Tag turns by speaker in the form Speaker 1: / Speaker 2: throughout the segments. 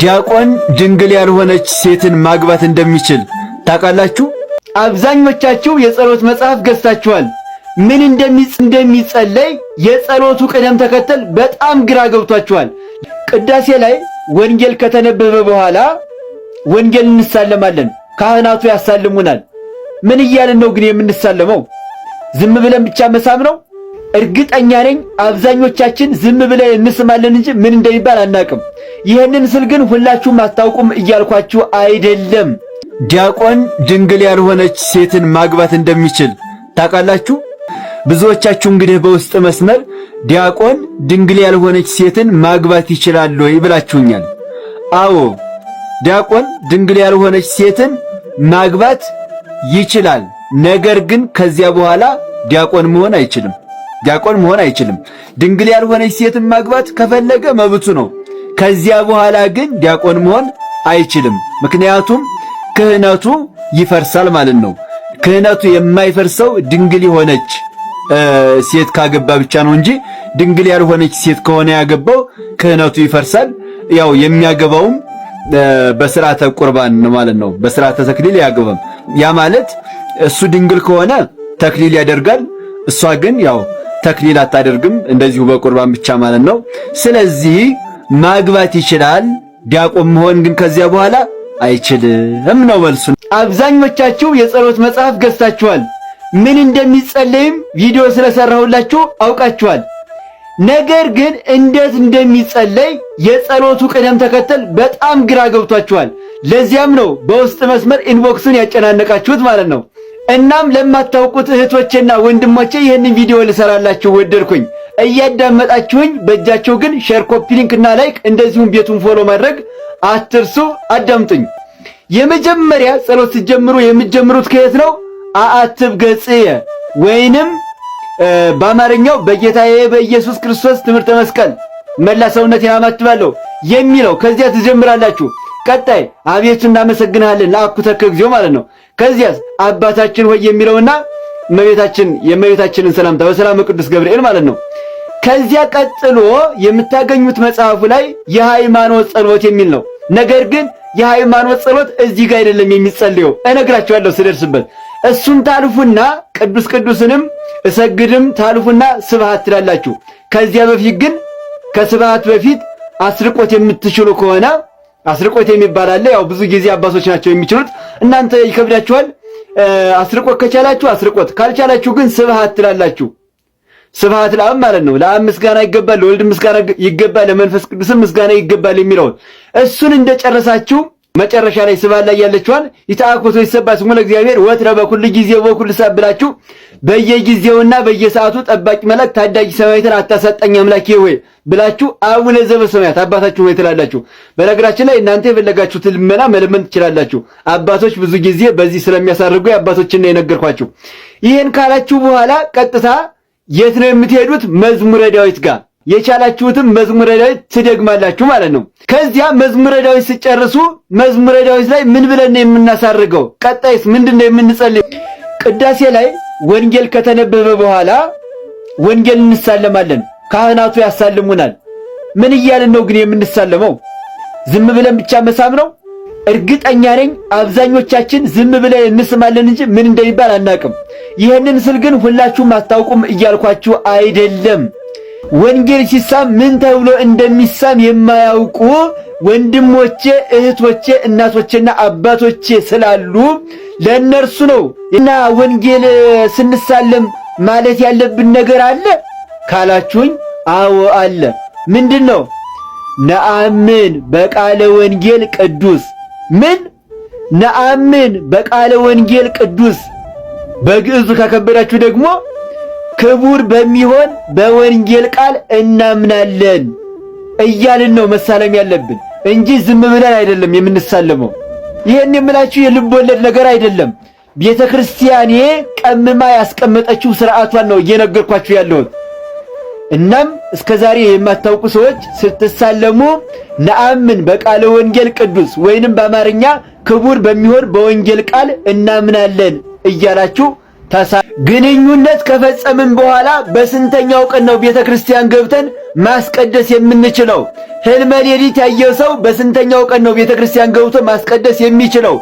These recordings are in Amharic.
Speaker 1: ዲያቆን ድንግል ያልሆነች ሴትን ማግባት እንደሚችል ታውቃላችሁ?
Speaker 2: አብዛኞቻችሁ የጸሎት መጽሐፍ ገዝታችኋል። ምን እንደሚጸለይ የጸሎቱ ቅደም ተከተል በጣም ግራ ገብቷችኋል። ቅዳሴ ላይ ወንጌል ከተነበበ በኋላ ወንጌል እንሳለማለን። ካህናቱ ያሳልሙናል። ምን እያልን ነው ግን የምንሳለመው? ዝም ብለን ብቻ መሳም ነው? እርግጠኛ ነኝ አብዛኞቻችን ዝም ብለን እንስማለን እንጂ ምን እንደሚባል አናቅም። ይህንን ስል ግን ሁላችሁም አታውቁም እያልኳችሁ አይደለም።
Speaker 1: ዲያቆን ድንግል ያልሆነች ሴትን ማግባት እንደሚችል ታውቃላችሁ? ብዙዎቻችሁ እንግዲህ በውስጥ መስመር ዲያቆን ድንግል ያልሆነች ሴትን ማግባት ይችላል ወይ ብላችሁኛል። አዎ ዲያቆን ድንግል ያልሆነች ሴትን ማግባት ይችላል። ነገር ግን ከዚያ በኋላ ዲያቆን መሆን አይችልም። ዲያቆን መሆን አይችልም። ድንግል ያልሆነች ሴትን ማግባት ከፈለገ መብቱ ነው። ከዚያ በኋላ ግን ዲያቆን መሆን አይችልም። ምክንያቱም ክህነቱ ይፈርሳል ማለት ነው። ክህነቱ የማይፈርሰው ድንግል የሆነች ሴት ካገባ ብቻ ነው እንጂ ድንግል ያልሆነች ሴት ከሆነ ያገባው ክህነቱ ይፈርሳል። ያው የሚያገባውም በስርዓተ ቁርባን ማለት ነው። በስርዓተ ተክሊል ያገባም። ያ ማለት እሱ ድንግል ከሆነ ተክሊል ያደርጋል፣ እሷ ግን ያው ተክሊል አታደርግም፣ እንደዚሁ በቁርባን ብቻ ማለት ነው። ስለዚህ ማግባት ይችላል፣ ዲያቆን መሆን ግን ከዚያ በኋላ አይችልም
Speaker 2: ነው መልሱ። አብዛኞቻችሁ የጸሎት መጽሐፍ ገዝታችኋል። ምን እንደሚጸለይም ቪዲዮ ስለሰራሁላችሁ አውቃችኋል። ነገር ግን እንዴት እንደሚጸለይ የጸሎቱ ቅደም ተከተል በጣም ግራ ገብቷችኋል። ለዚያም ነው በውስጥ መስመር ኢንቦክስን ያጨናነቃችሁት ማለት ነው። እናም ለማታውቁት እህቶቼና ወንድሞቼ ይህንን ቪዲዮ ልሰራላችሁ ወደድኩኝ። እያዳመጣችሁኝ በእጃቸው ግን ሼር፣ ኮፒ ሊንክ እና ላይክ እንደዚሁም ቤቱን ፎሎ ማድረግ አትርሱ። አዳምጡኝ። የመጀመሪያ ጸሎት ሲጀምሩ የምትጀምሩት ከየት ነው? አአትብ ገጽየ ወይንም በአማርኛው በጌታዬ በኢየሱስ ክርስቶስ ትምህርተ መስቀል መላ ሰውነቴን አማትባለሁ የሚለው ከዚያ ትጀምራላችሁ። ቀጣይ አቤቱ እናመሰግንሃለን ለአኩተከ እግዚኦ ማለት ነው። ከዚያስ አባታችን ሆይ የሚለውና እመቤታችን የእመቤታችንን ሰላምታ በሰላም ቅዱስ ገብርኤል ማለት ነው። ከዚያ ቀጥሎ የምታገኙት መጽሐፉ ላይ የሃይማኖት ጸሎት የሚል ነው። ነገር ግን የሃይማኖት ጸሎት እዚህ ጋር አይደለም የሚጸልየው፣ እነግራችኋለሁ ስደርስበት። እሱን ታልፉና ቅዱስ ቅዱስንም እሰግድም ታልፉና ስብሃት ትላላችሁ። ከዚያ በፊት ግን ከስብሃት በፊት አስርቆት የምትችሉ ከሆነ አስርቆት የሚባል አለ። ያው ብዙ ጊዜ አባቶች ናቸው የሚችሉት። እናንተ ይከብዳችኋል። አስርቆት ከቻላችሁ አስርቆት፣ ካልቻላችሁ ግን ስብሃት ትላላችሁ። ስብሃት ለአብ ማለት ነው። ለአብ ምስጋና ይገባል፣ ለወልድ ምስጋና ይገባል፣ ለመንፈስ ቅዱስም ምስጋና ይገባል የሚለውን እሱን እንደጨረሳችሁ መጨረሻ ላይ ስባል ላይ ያለችዋን ይሰባ ስሙ ለእግዚአብሔር ወትረ በኩል ጊዜ በኩል ሰዓት ብላችሁ በየጊዜውና በየሰዓቱ ጠባቂ መልአክ ታዳጊ ሰማያትን አታሳጣኝ አምላኬ ሆይ ብላችሁ አቡነ ዘበሰማያት አባታችሁ ሆይ ትላላችሁ። በነገራችን ላይ እናንተ የፈለጋችሁት ልመና መለመን ትችላላችሁ። አባቶች ብዙ ጊዜ በዚህ ስለሚያሳርጉ የአባቶችን ነው የነገርኳችሁ። ይህን ካላችሁ በኋላ ቀጥታ የት ነው የምትሄዱት? መዝሙረ ዳዊት ጋር የቻላችሁትም መዝሙረ ዳዊት ትደግማላችሁ ማለት ነው። ከዚያ መዝሙረ ዳዊት ስጨርሱ መዝሙረ ዳዊት ላይ ምን ብለን የምናሳርገው? ቀጣይስ ምንድን ነው ቅዳሴ ላይ ወንጌል ከተነበበ በኋላ ወንጌል እንሳለማለን። ካህናቱ ያሳልሙናል። ምን እያልን ነው ግን የምንሳለመው? ዝም ብለን ብቻ መሳም ነው? እርግጠኛ ነኝ አብዛኞቻችን ዝም ብለን እንስማለን እንጂ ምን እንደሚባል አናቅም። ይህንን ስል ግን ሁላችሁም አታውቁም እያልኳችሁ አይደለም። ወንጌል ሲሳም ምን ተብሎ እንደሚሳም የማያውቁ ወንድሞቼ፣ እህቶቼ፣ እናቶቼና አባቶቼ ስላሉ ለእነርሱ ነው እና ወንጌል ስንሳለም ማለት ያለብን ነገር አለ ካላችሁኝ፣ አዎ አለ። ምንድን ነው? ነአምን በቃለ ወንጌል ቅዱስ። ምን ነአምን በቃለ ወንጌል ቅዱስ። በግዕዙ ከከበዳችሁ ደግሞ ክቡር በሚሆን በወንጌል ቃል እናምናለን እያልን ነው መሳለም ያለብን እንጂ ዝም ብለን አይደለም የምንሳለመው። ይህን የምላችሁ የልብ ወለድ ነገር አይደለም። ቤተ ክርስቲያኔ ቀምማ ያስቀመጠችው ስርዓቷን ነው እየነገርኳችሁ ያለሁት። እናም እስከ ዛሬ የማታውቁ ሰዎች ስትሳለሙ ነአምን በቃለ ወንጌል ቅዱስ ወይንም በአማርኛ ክቡር በሚሆን በወንጌል ቃል እናምናለን እያላችሁ ግንኙነት ከፈጸምን በኋላ በስንተኛው ቀን ነው ቤተ ክርስቲያን ገብተን ማስቀደስ የምንችለው? ሕልመ ሌሊት ያየው ሰው በስንተኛው ቀን ነው ቤተ ክርስቲያን ገብቶ ማስቀደስ የሚችለው?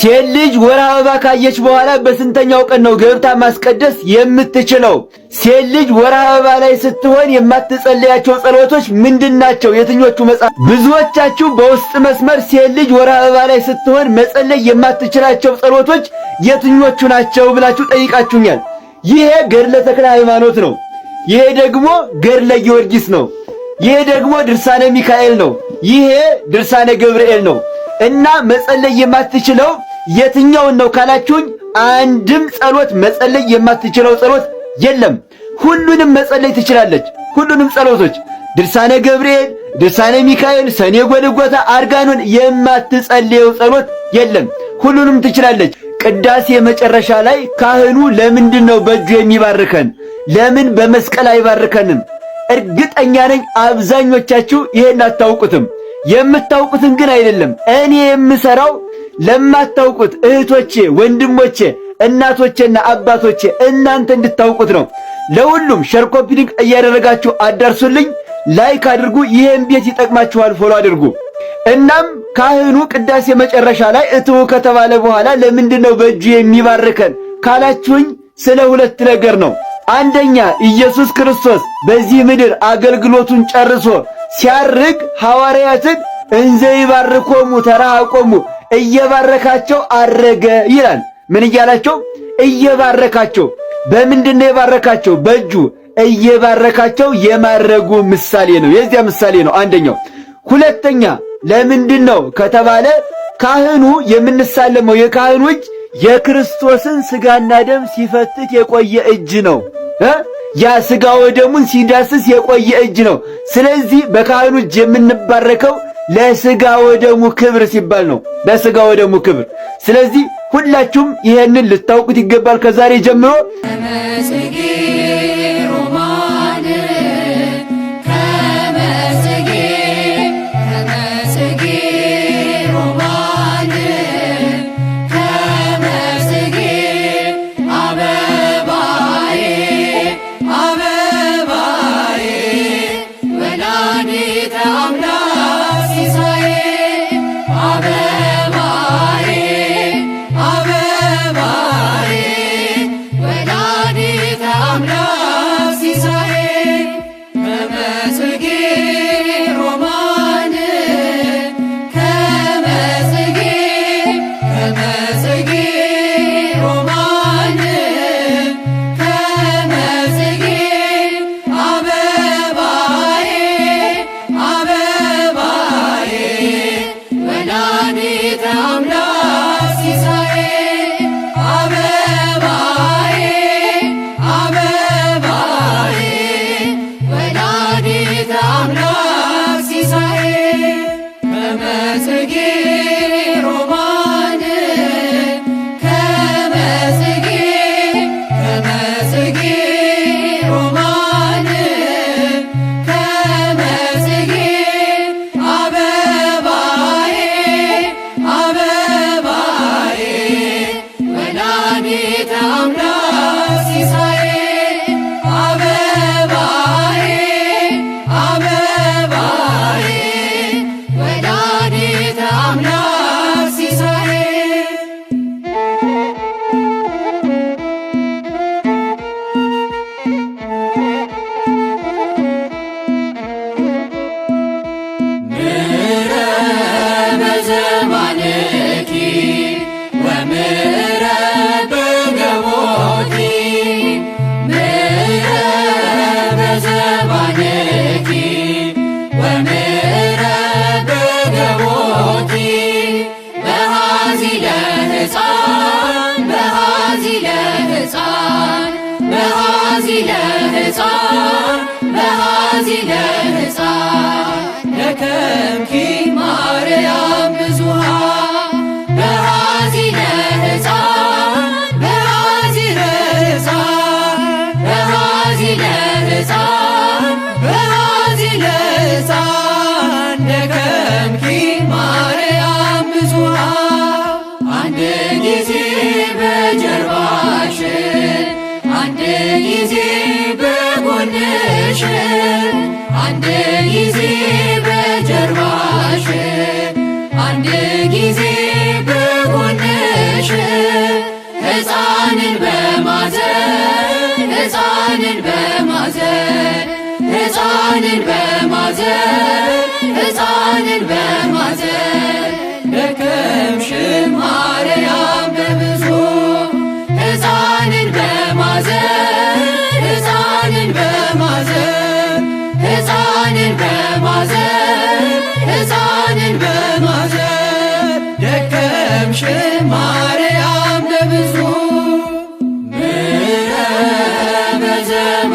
Speaker 2: ሴት ልጅ ወር አበባ ካየች በኋላ በስንተኛው ቀን ነው ገብታ ማስቀደስ የምትችለው? ሴት ልጅ ወር አበባ ላይ ስትሆን የማትጸለያቸው ጸሎቶች ምንድን ናቸው? የትኞቹ መጽሐፍ? ብዙዎቻችሁ በውስጥ መስመር ሴት ልጅ ወር አበባ ላይ ስትሆን መጸለይ የማትችላቸው ጸሎቶች የትኞቹ ናቸው ብላችሁ ጠይቃችሁኛል። ይሄ ገድለ ተክለ ሃይማኖት ነው። ይሄ ደግሞ ገድለ ጊዮርጊስ ነው። ይሄ ደግሞ ድርሳነ ሚካኤል ነው። ይሄ ድርሳነ ገብርኤል ነው። እና መጸለይ የማትችለው የትኛውን ነው ካላችሁኝ፣ አንድም ጸሎት መጸለይ የማትችለው ጸሎት የለም። ሁሉንም መጸለይ ትችላለች። ሁሉንም ጸሎቶች ድርሳነ ገብርኤል፣ ድርሳነ ሚካኤል፣ ሰኔ ጎልጎታ፣ አርጋኖን የማትጸልየው ጸሎት የለም። ሁሉንም ትችላለች። ቅዳሴ መጨረሻ ላይ ካህኑ ለምንድን ነው በእጁ የሚባርከን ለምን በመስቀል አይባርከንም? እርግጠኛ ነኝ አብዛኞቻችሁ ይሄን አታውቁትም። የምታውቁትን ግን አይደለም እኔ የምሰራው ለማታውቁት እህቶቼ፣ ወንድሞቼ፣ እናቶቼና አባቶቼ እናንተ እንድታውቁት ነው። ለሁሉም ሸርኮፒሊንግ እያደረጋችሁ አዳርሱልኝ፣ ላይክ አድርጉ። ይሄን ቤት ይጠቅማችኋል፣ ፎሎ አድርጉ። እናም ካህኑ ቅዳሴ መጨረሻ ላይ እትቡ ከተባለ በኋላ ለምንድን ነው በእጁ የሚባርከን ካላችሁኝ ስለ ሁለት ነገር ነው። አንደኛ ኢየሱስ ክርስቶስ በዚህ ምድር አገልግሎቱን ጨርሶ ሲያርግ ሐዋርያትን እንዘ ይባርኮሙ ተራቆሙ እየባረካቸው አረገ ይላል። ምን እያላቸው? እየባረካቸው። በምንድነው የባረካቸው? በእጁ እየባረካቸው የማረጉ ምሳሌ ነው። የዚያ ምሳሌ ነው አንደኛው። ሁለተኛ ለምንድን ነው ከተባለ ካህኑ የምንሳለመው የካህኑ እጅ የክርስቶስን ስጋና ደም ሲፈትት የቆየ እጅ ነው። ያ ስጋ ወደሙን ሲዳስስ የቆየ እጅ ነው። ስለዚህ በካህኑ እጅ የምንባረከው ለስጋ ወደሙ ክብር ሲባል ነው። ለስጋ ወደሙ ክብር። ስለዚህ ሁላችሁም ይሄንን ልታውቁት ይገባል ከዛሬ ጀምሮ
Speaker 3: Again. ሁልጊዜ በጎንሽ ሕፃንን በማዘን ሕፃንን በማዘን ሕፃንን በማዘን ሕፃንን በማዘን ደከምሽ ማርያም Fazer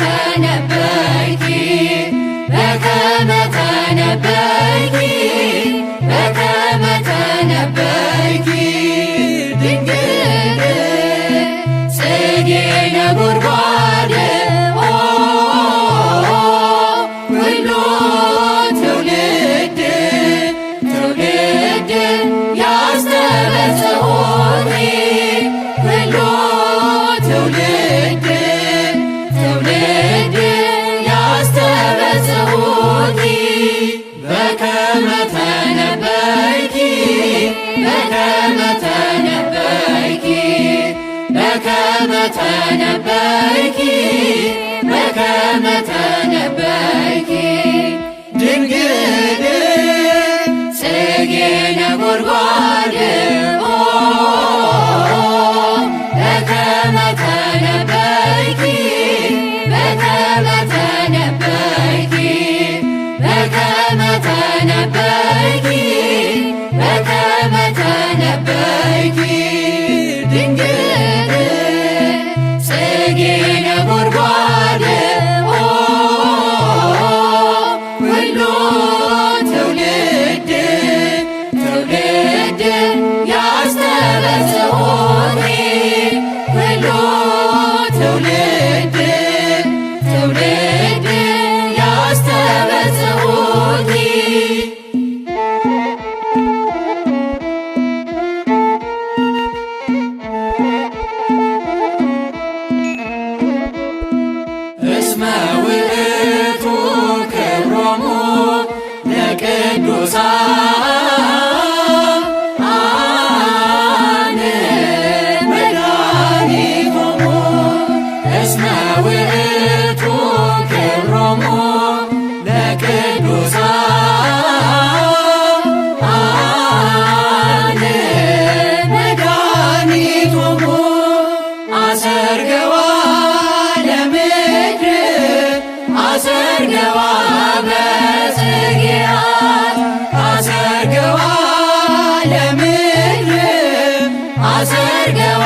Speaker 3: ተነበይኪ በከመ ተነበይ ተነበይኪ በከመ ተነ ሆሳዕና መድኃኒት ሆሞ እስመ ውእቱ በጽጌያ now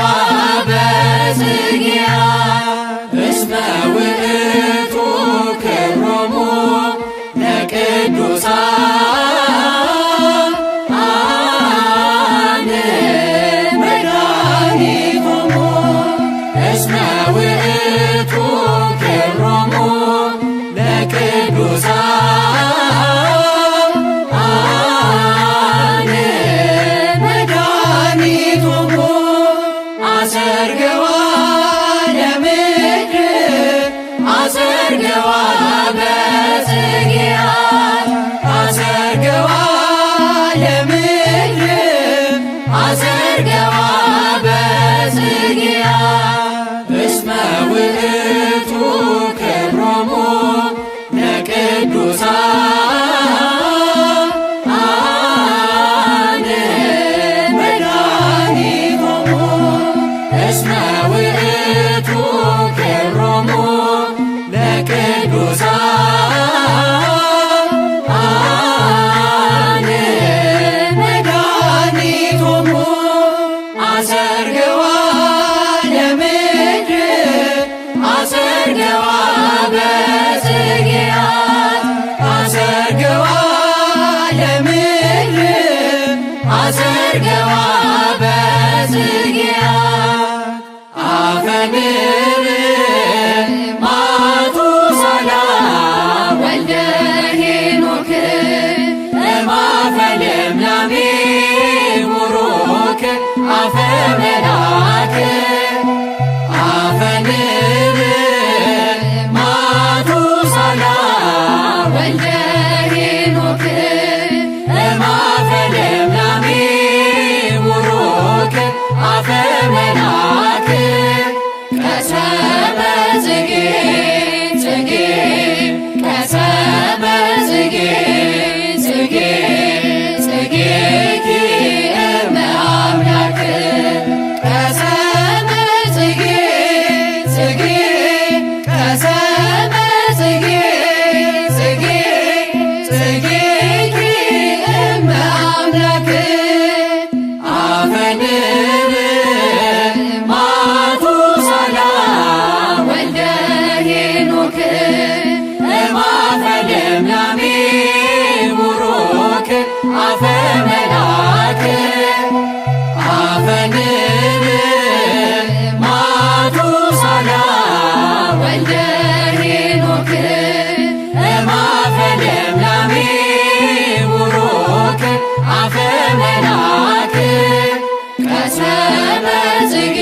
Speaker 3: as we